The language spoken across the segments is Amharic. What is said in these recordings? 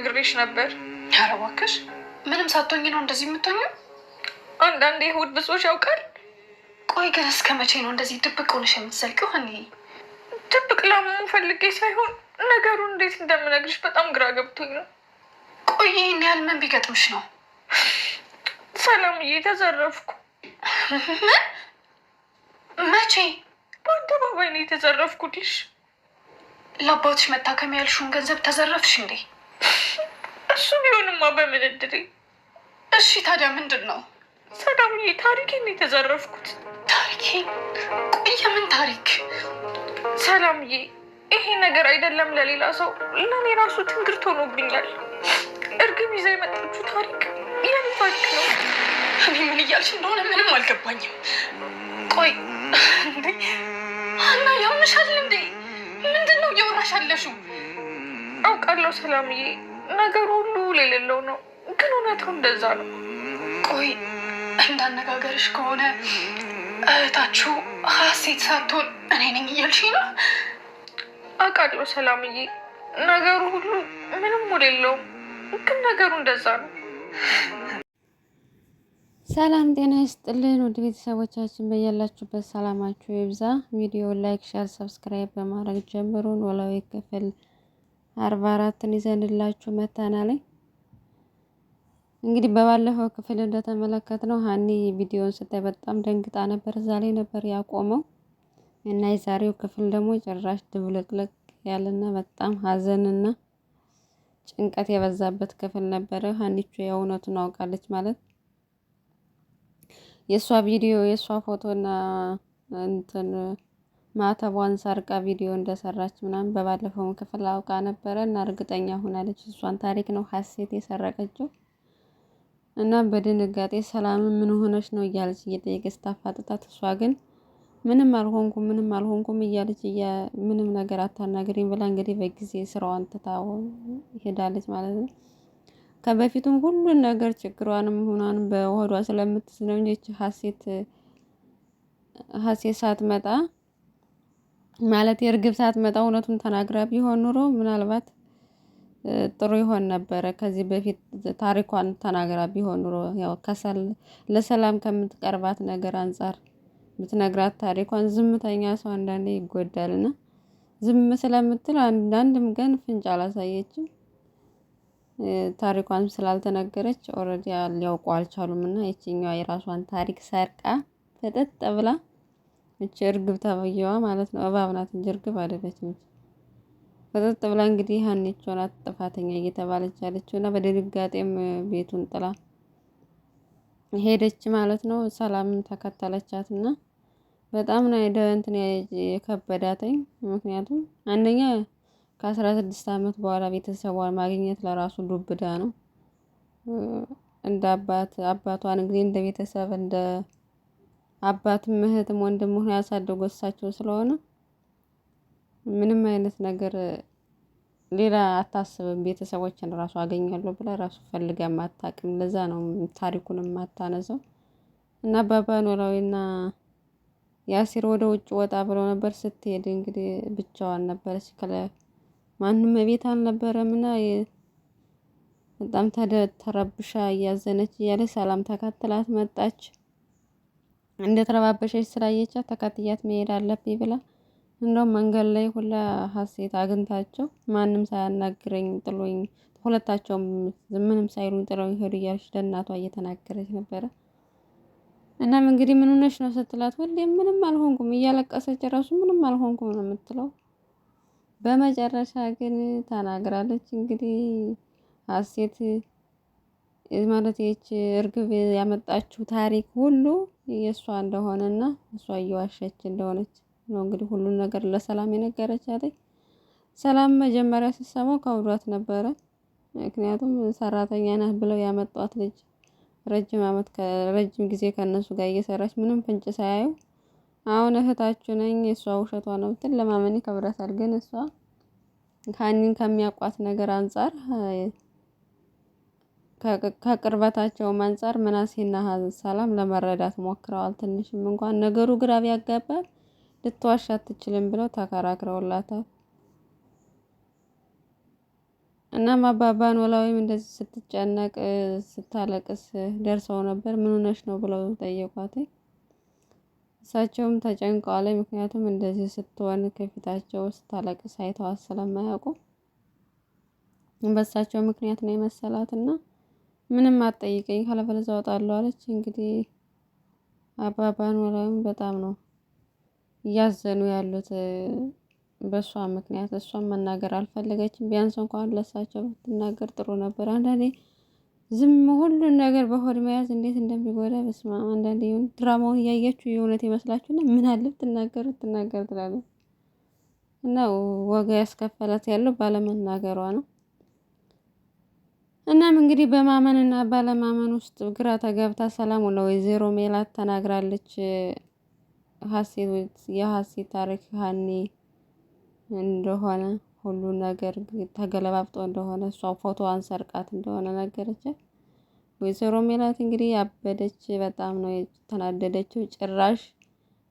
ነግሬሽ ነበር። ኧረ እባክሽ ምንም ሳትሆኝ ነው እንደዚህ የምትሆኝው? አንዳንዴ እሑድ ብሶች ያውቃል። ቆይ ግን እስከ መቼ ነው እንደዚህ ድብቅ ሆነሽ የምትዘልቂው? ሀኒ ድብቅ ላሙ ፈልጌ ሳይሆን ነገሩ እንዴት እንደምነግርሽ በጣም ግራ ገብቶኝ ነው። ቆይ ይህን ያህል ምን ቢገጥምሽ ነው? ሰላምዬ ተዘረፍኩ። መቼ? በአደባባይ ነው የተዘረፍኩልሽ። ለአባትሽ መታከሚያ ያልሽውን ገንዘብ ተዘረፍሽ እንዴ? እሱ ቢሆንማ በምን እድሌ። እሺ ታዲያ ምንድን ነው ሰላምዬ? ታሪኬን የተዘረፍኩት። ታሪኬን? ቆይ የምን ታሪክ ሰላምዬ? ይሄ ነገር አይደለም ለሌላ ሰው ለእኔ ራሱ ትንግርት ሆኖብኛል። እርግብ ይዛ የመጣችው ታሪክ የኔ ታሪክ ነው። እኔ ምን እያልሽ እንደሆነ ምንም አልገባኝም። ቆይ እንዴ አና ያምሻል እንዴ? ምንድን ነው እየወራሽ ያለሽው? አውቃለሁ ሰላምዬ ነገር ሁሉ የሌለው ነው፣ ግን እውነቱ እንደዛ ነው። ቆይ እንዳነጋገርሽ ከሆነ እህታችሁ ሀሴት ሳትሆን እኔ ነኝ እያልሽ ነው? አውቃለሁ ሰላምዬ፣ ነገሩ ሁሉ ምንም የሌለውም፣ ግን ነገሩ እንደዛ ነው። ሰላም ጤና ይስጥልን ውድ ቤተሰቦቻችን፣ በያላችሁበት ሰላማችሁ ይብዛ። ቪዲዮ ላይክ፣ ሸር፣ ሰብስክራይብ በማድረግ ጀምሩን። ኖላዊ ክፍል አርባ አራትን ይዘንላችሁ መጥተናል። እንግዲህ በባለፈው ክፍል እንደተመለከትነው ሀኒ ቪዲዮን ስታይ በጣም ደንግጣ ነበር። ላይ ነበር ያቆመው እና የዛሬው ክፍል ደግሞ ጭራሽ ድብልቅልቅ ያለና በጣም ሀዘንና ጭንቀት የበዛበት ክፍል ነበረ። ሀኒቹ የእውነቱን አውቃለች ማለት የእሷ ቪዲዮ የእሷ ፎቶና እንትን ማተቧን ሰርቃ ቪዲዮ እንደሰራች ምናምን በባለፈውም ክፍል አውቃ ነበረ እና እርግጠኛ ሆናለች እሷን ታሪክ ነው ሀሴት የሰረቀችው። እና በድንጋጤ ሰላም ምን ሆነች ነው እያለች እየጠየቀች ስታፋጥጣት፣ እሷ ግን ምንም አልሆንኩም ምንም አልሆንኩም እያለች ምንም ነገር አታናግሪኝ ብላ እንግዲህ በጊዜ ስራዋን ትታ ይሄዳለች ማለት ነው። ከበፊቱም ሁሉን ነገር ችግሯንም ሆኗንም በሆዷ ስለምትስለው እንጂ ሀሴት ሀሴት ሳትመጣ ማለት የእርግብ ሳትመጣ እውነቱን ተናግራ ቢሆን ኑሮ ምናልባት ጥሩ ይሆን ነበረ። ከዚህ በፊት ታሪኳን ተናግራ ቢሆን ኑሮ ያው ከሰል ለሰላም ከምትቀርባት ነገር አንጻር ብትነግራት ታሪኳን፣ ዝምተኛ ሰው አንዳንዴ ይጎዳልና ዝም ስለምትል አንዳንድም ገን ፍንጭ አላሳየችም። ታሪኳን ስላልተነገረች ኦልሬዲ ሊያውቁ አልቻሉም እና የችኛዋ የራሷን ታሪክ ሰርቃ ፍጥጥ ብላ እች እርግብ ተብዬዋ ማለት ነው እባብ ናት እንጂ እርግብ አይደለችም። ፈጠጥ ብላ እንግዲህ ሀኒቾ ናት ጥፋተኛ እየተባለች ያለችው እና በድንጋጤም ቤቱን ጥላ ሄደች ማለት ነው። ሰላም ተከተለቻት እና በጣም ነው እንትን የከበዳተኝ። ምክንያቱም አንደኛ ከአስራ ስድስት አመት በኋላ ቤተሰቧን ማግኘት ለራሱ ዱብዳ ነው። እንደ አባት አባቷን እንግዲህ እንደ ቤተሰብ እንደ አባትም እህትም ወንድም ሆኖ ያሳደጉ እሳቸው ስለሆነ ምንም አይነት ነገር ሌላ አታስብም። ቤተሰቦችን ራሱ አገኛለሁ ብላ ራሱ ፈልጋ ማታቅም። ለዛ ነው ታሪኩን የማታነሳው። እና አባባ ኖላዊና ያሲር ወደ ውጭ ወጣ ብለው ነበር። ስትሄድ እንግዲህ ብቻዋን ነበረች። ከለ ማንም ቤት አልነበረም እና በጣም ተረብሻ እያዘነች እያለች ሰላም ተካትላት መጣች። እንደተረባበሸች ስላየቻት ተከትያት መሄድ አለብኝ ብላ እንደውም መንገድ ላይ ሁላ ሀሴት አግኝታቸው ማንም ሳያናግረኝ ጥሎኝ ሁለታቸውም ምንም ሳይሉኝ ጥለውኝ ሄዱ እያለች ለእናቷ እየተናገረች ነበረ። እናም እንግዲህ ምን ሆነሽ ነው ስትላት ሁሌም ምንም አልሆንኩም እያለቀሰች ራሱ ምንም አልሆንኩም ነው የምትለው። በመጨረሻ ግን ተናግራለች እንግዲህ ሀሴት ማለት ይች እርግብ ያመጣችው ታሪክ ሁሉ የእሷ እንደሆነና እሷ እየዋሸች እንደሆነች ነው። እንግዲህ ሁሉን ነገር ለሰላም የነገረች ሰላም መጀመሪያ ስትሰማው ከብዷት ነበረ። ምክንያቱም ሰራተኛ ናት ብለው ያመጧት ልጅ ረጅም አመት ረጅም ጊዜ ከእነሱ ጋር እየሰራች ምንም ፍንጭ ሳያዩ አሁን እህታችሁ ነኝ እሷ ውሸቷ ነው ብትል ለማመን ይከብዳታል። ግን እሷ ካኒን ከሚያውቋት ነገር አንጻር ከቅርበታቸው አንፃር ምናሴና ሰላም ለመረዳት ሞክረዋል። ትንሽም እንኳን ነገሩ ግራ ቢያጋባ ልትዋሻ አትችልም ብለው ተከራክረውላታል። እናም አባባ ኖላዊም እንደዚህ ስትጨነቅ ስታለቅስ ደርሰው ነበር። ምን ሆነሽ ነው ብለው ጠየቋት። እሳቸውም ተጨንቀዋል። ምክንያቱም እንደዚህ ስትሆን ከፊታቸው ስታለቅስ አይተዋት ስለማያውቁ በእሳቸው ምክንያት ነው የመሰላት እና ምንም አትጠይቀኝ ካለበለዚያ እወጣለሁ አለች። እንግዲህ አባባ ኖላዊም በጣም ነው እያዘኑ ያሉት በእሷ ምክንያት። እሷም መናገር አልፈለገችም። ቢያንስ እንኳን ለሳቸው ብትናገር ጥሩ ነበር። አንዳንዴ ዝም ሁሉን ነገር በሆድ መያዝ እንዴት እንደሚጎዳ በስማ አንዳንዴ ድራማውን እያያችሁ የእውነት ይመስላችሁና ምን አለ ብትናገር ብትናገር ትላለች እና ዋጋ ያስከፈላት ያለው ባለመናገሯ ነው። እናም እንግዲህ በማመን እና ባለማመን ውስጥ ግራ ተገብታ ሰላም ውላ ወይዘሮ ሜላት ተናግራለች። ሀሴት የሀሴት ታሪክ ሀኒ እንደሆነ ሁሉ ነገር ተገለባብጦ እንደሆነ እሷ ፎቶዋን ሰርቃት እንደሆነ ነገረቻት። ወይዘሮ ሜላት እንግዲህ ያበደች በጣም ነው የተናደደችው። ጭራሽ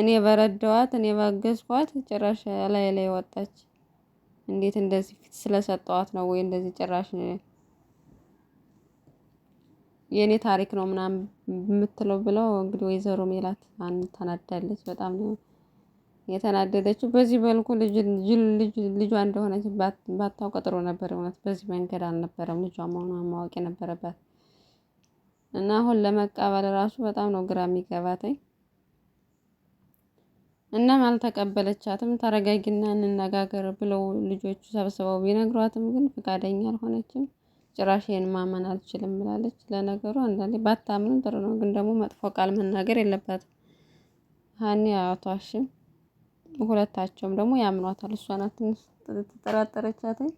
እኔ በረዳዋት እኔ ባገዝኳት ጭራሽ ላይ ላይ ወጣች። እንዴት እንደዚህ ፊት ስለሰጠዋት ነው ወይ እንደዚህ ጭራሽ የእኔ ታሪክ ነው ምናምን የምትለው ብለው እንግዲህ ወይዘሮ ሜላት ተናዳለች። በጣም ነው የተናደደችው። በዚህ መልኩ ልጇ እንደሆነች ባታውቅ ጥሩ ነበር። እውነት በዚህ መንገድ አልነበረም ልጇ መሆኗን ማወቅ የነበረባት እና አሁን ለመቀበል ራሱ በጣም ነው ግራ የሚገባተኝ። እናም አልተቀበለቻትም። ተረጋጊና እንነጋገር ብለው ልጆቹ ሰብስበው ቢነግሯትም ግን ፈቃደኛ አልሆነችም። ጭራሽ ይህን ማመን አልችልም ብላለች። ለነገሩ አንዳንዴ ባታምንም ጥሩ ነው፣ ግን ደግሞ መጥፎ ቃል መናገር የለባትም። ሀኒ አቷሽም ሁለታቸውም ደግሞ ያምኗታል። እሷ ናት ትንሽ ተጠራጠረቻትኝ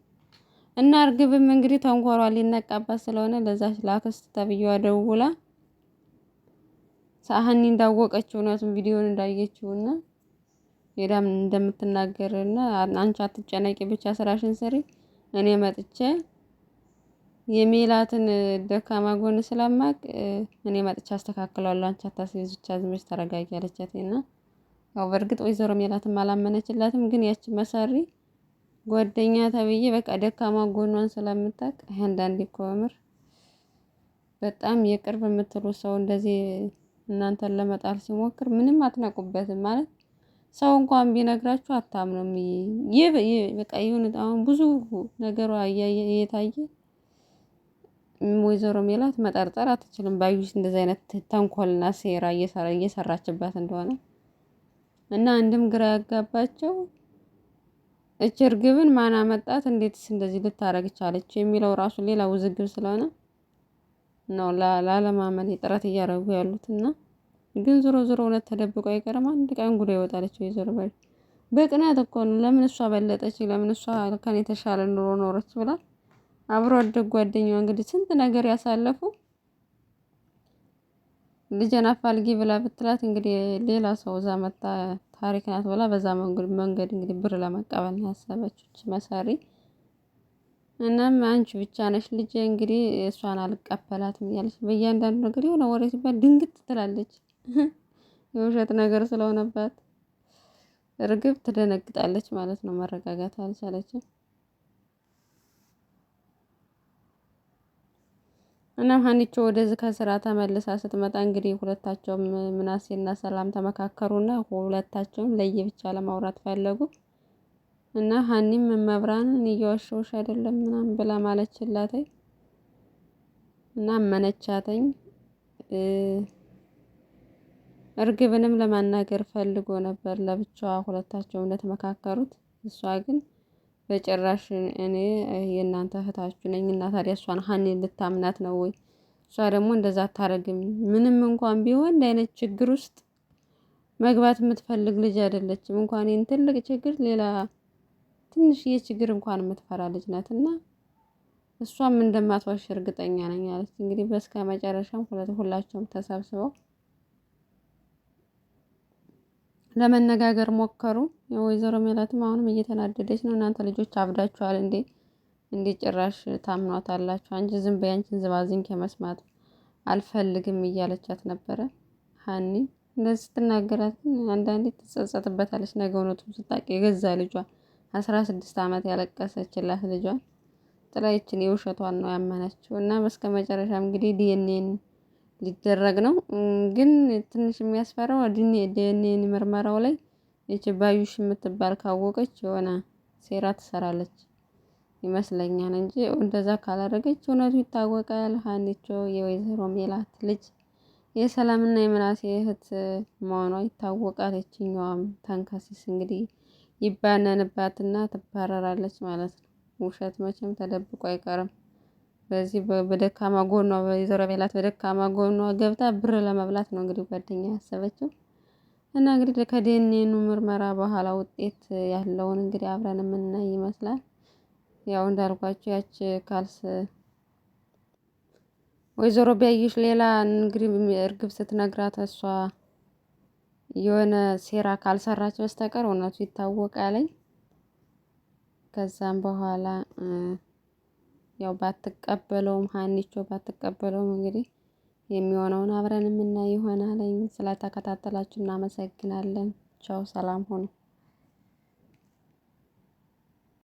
እና እርግብም እንግዲህ ተንኮሯ ሊነቃባት ስለሆነ ለዛች ላክስት ተብዬዋ ደውላ ሳህኒ እንዳወቀችው እውነቱን ቪዲዮን እንዳየችውና ሄዳም እንደምትናገርና አንቺ አትጨነቂ ብቻ ስራሽን ስሪ እኔ መጥቼ የሜላትን ደካማ ጎን ስለማቅ እኔ መጥቻ አስተካክለዋለሁ፣ አንቺ ዝም ብለሽ ተረጋጊ አለቻት እና ያው በእርግጥ ወይዘሮ ሜላትም አላመነችላትም። ግን ያቺ መሰሪ ጓደኛ ተብዬ በቃ ደካማ ጎኗን ስለምታቅ አንዳንዴ እኮ ምር በጣም የቅርብ የምትሉ ሰው እንደዚህ እናንተን ለመጣል ሲሞክር ምንም አትነቁበትም ማለት ሰው እንኳን ቢነግራችሁ አታምኑም። ይህ በቃ ይሁን አሁን ብዙ ነገሯ እየታየ ወይዘሮ ሜላት መጠርጠር አትችልም። ባዩሽ እንደዚህ አይነት ተንኮልና ሴራ እየሰራችባት እንደሆነ እና አንድም ግራ ያጋባቸው እች እርግብን ማን አመጣት፣ እንዴትስ እንደዚህ ልታረግ ቻለች የሚለው ራሱ ሌላ ውዝግብ ስለሆነ ነው ላለማመን ጥረት እያደረጉ ያሉት እና ግን ዞሮ ዞሮ እውነት ተደብቆ አይቀርም። አንድ ቀን ጉዳይ ይወጣለች። ወይዘሮ ባዩሽ በቅናት እኮ ነው ለምን እሷ በለጠች፣ ለምን እሷ ከኔ የተሻለ ኑሮ ኖረች ብላል አብሮ አደግ ጓደኛዋ እንግዲህ ስንት ነገር ያሳለፉ ልጄን አፋልጊ ብላ ብትላት እንግዲህ ሌላ ሰው እዛ መታ ታሪክ ናት ብላ በዛ መንገድ እንግዲህ ብር ለመቀበል ነው ያሰበችው መሰሪ። እናም አንቺ ብቻ ነሽ ልጄ እንግዲህ እሷን አልቀበላትም እያለች በእያንዳንዱ ነገር የሆነ ወሬ ሲባል ድንግት ትላለች። የውሸት ነገር ስለሆነባት እርግብ ትደነግጣለች ማለት ነው። መረጋጋት አልቻለችም። እናም ሀኒቾ ወደዚህ ከስራ ተመልሳ ስትመጣ እንግዲህ ሁለታቸውም ምናሴና ሰላም ተመካከሩና ሁለታቸውም ለየብቻ ለማውራት ፈለጉ። እና ሀኒም መብራንን እየዋሸሁሽ አይደለም ምናምን ብላ ማለችላተኝ እና መነቻተኝ። እርግብንም ለማናገር ፈልጎ ነበር ለብቻዋ ሁለታቸውም እንደተመካከሩት እሷ ግን በጭራሽ እኔ የእናንተ እህታችሁ ነኝ እና ታዲያ እሷን ሀኔን ልታምናት ነው ወይ? እሷ ደግሞ እንደዛ አታረግም። ምንም እንኳን ቢሆን አይነት ችግር ውስጥ መግባት የምትፈልግ ልጅ አይደለችም። እንኳን ይህን ትልቅ ችግር ሌላ ትንሽዬ ችግር እንኳን የምትፈራ ልጅ ናት እና እሷም እንደማትዋሽ እርግጠኛ ነኝ አለች። እንግዲህ በስከ መጨረሻም ሁለት ሁላቸውም ተሰብስበው ለመነጋገር ሞከሩ። የወይዘሮ ሜላትም አሁንም እየተናደደች ነው። እናንተ ልጆች አብዳችኋል እንዴ? እንዴ ጭራሽ ታምኗታላችሁ። አንቺ ዝም በይ፣ ዝባዝኝ ከመስማት አልፈልግም እያለቻት ነበረ። ሀኒ እንደዚህ ስትናገራት አንዳንዴ ትጸጸትበታለች። ነገ እውነቱን ስታውቅ የገዛ ልጇ አስራ ስድስት ዓመት ያለቀሰችላት ልጇን ጥላይችን የውሸቷን ነው ያመነችው እና በስከ መጨረሻ እንግዲህ ዲኤንኤን ሊደረግ ነው። ግን ትንሽ የሚያስፈራው ዲኤንኤን ምርመራው ላይ ይቺ ባዩሽ የምትባል ካወቀች የሆነ ሴራ ትሰራለች ይመስለኛል እንጂ እንደዛ ካላደረገች እውነቱ ይታወቃል። ሀኒቾ የወይዘሮ ሜላት ልጅ የሰላምና የምናሴ እህት መሆኗ ይታወቃል። ይችኛዋም ተንከሲስ እንግዲህ ይባነንባትና ትባረራለች ማለት ነው። ውሸት መቼም ተደብቆ አይቀርም። በዚህ በደካማ ጎኗ ወይዘሮ ቤላት በደካማ ጎኗ ገብታ ብር ለመብላት ነው እንግዲህ ጓደኛ ያሰበችው። እና እንግዲህ ከዲኤንኤ ምርመራ በኋላ ውጤት ያለውን እንግዲህ አብረን የምናይ ይመስላል። ያው እንዳልኳቸው ያች ካልስ ወይዘሮ ቢያይሽ ሌላ እንግዲህ እርግብ ስትነግራት እሷ የሆነ ሴራ ካልሰራች በስተቀር እውነቱ ይታወቃለኝ። ከዛም በኋላ ያው ባትቀበለውም ሀኒቾ ባትቀበለውም እንግዲህ የሚሆነውን አብረን የምናይ ይሆናል። ስለተከታተላችሁ እናመሰግናለን። ቻው፣ ሰላም ሁኑ።